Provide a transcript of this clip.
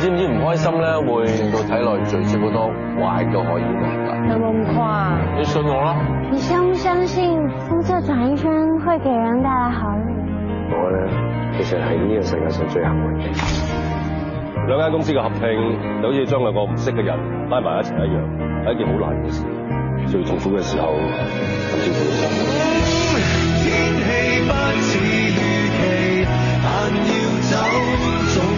你知唔知唔開心咧會令到體內聚集好多壞嘅荷爾蒙？有冇咁誇？你信我囉！你相唔相信風車轉一圈會給人帶來好運？我咧其實係呢個世界上最幸運嘅。 兩間公司嘅合併，就好似將兩個唔識嘅人拉埋一齊一樣，係一件好難嘅事。最痛苦嘅時候，不知悔改。